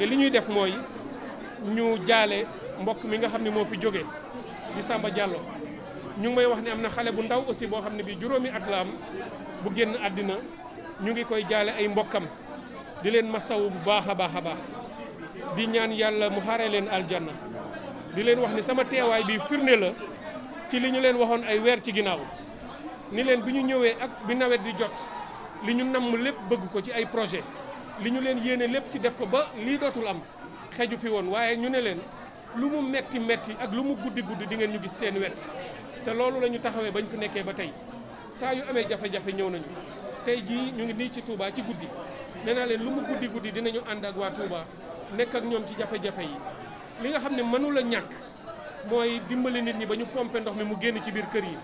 te li ñuy def mooy ñu jaale mbokk mi nga xam ne moo fi jóge di Samba Diallo ñu ngi may wax ne am na xale bu ndaw aussi boo xam ne bii juróomi at la am bu génn àddina ñu ngi koy jaale ay mbokkam di leen masaw bu baax a baax a baax di ñaan yàlla mu xaaree leen aljanna di leen wax ni sama teewaay bi firnde la ci li ñu leen waxoon ay weer ci ginnaaw ni leen bi ñu ñëwee ak bi nawet di jot li ñu namm lépp bëgg ko ci ay projet li ñu leen yéene lépp ci def ko ba lii dootul am xeju fi woon waaye ñu ne leen lu mu metti metti ak lu mu guddi guddi di ngeen ñu gis seen wet te loolu la ñu taxawee ba ñu fi nekkee ba tey saa yu amee jafe-jafe ñëw nañu tey jii ñu ngi nii ci tuubaa ci guddi nee naa leen lu mu guddi guddi dinañu ànd ak waa Touba nekk ak ñoom ci jafe-jafe yi li nga xam ne mënula ñàkk mooy dimbali nit ñi ba ñu pompe ndox mi mu génn ci biir kër yi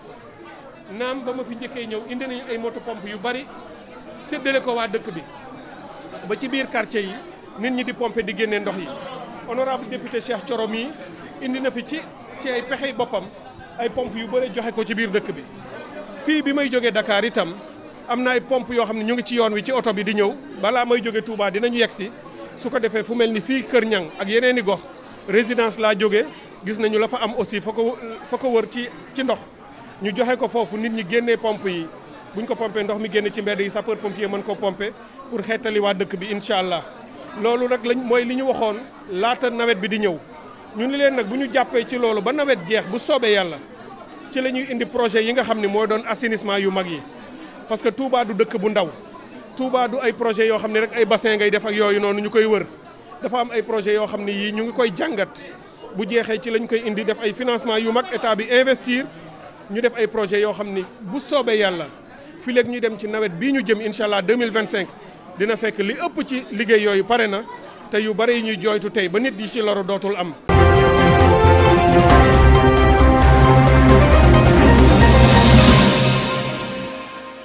naam ba ma fi njëkkee ñëw indi nañu ay moto pompe yu bari séddale ko waa dëkk bi ba ci biir quartier yi nit ñi di pompe di génne ndox yi honorable député Cheikh Thioro yi indi na fi ci ci ay pexey boppam ay pompe yu bëri joxe ko ci biir dëkk bi fii bi may jógee dakaar itam am na ay pompe yoo xam ne ñu ngi ci yoon wi ci oto bi di ñëw balaa may jóge Touba dinañu yegg si su ko defee fu mel ni fii Kër Ñang ak yeneen i gox résidence laa jóge gis nañu la fa am aussi fa ko fa ko wër ci ci ndox ñu joxe ko foofu nit ñi génnee pompe yi bu ñu ko pompé ndox mi génn ci mbedd yi sapeur pompier mën ko pompé pour xeetali waa dëkk bi incha allah loolu nag lañ mooy li ñu waxoon laata nawet bi di ñëw ñu ni leen nag bu ñu jàppee ci loolu ba nawet jeex bu soobee yàlla ci la ñuy indi projet yi nga xam ni mooy doon assainissement yu mag yi parce que Touba du dëkk bu ndaw Touba du ay projet yoo xam ne rek ay bassin ngay def ak yooyu noonu ñu koy wër dafa am ay projet yoo xam ne yii ñu ngi koy jàngat bu jeexee ci lañ koy indi def ay financement yu mag état bi investir ñu def ay projet yoo xam ni bu soobee yàlla fii ñuy dem ci nawet bii ñu jëm incha allah 2025 dina fekk li ëpp ci liggéey yooyu pare na te yu bare yi ñuy jooytu tey ba nit yi ci loru dootul am.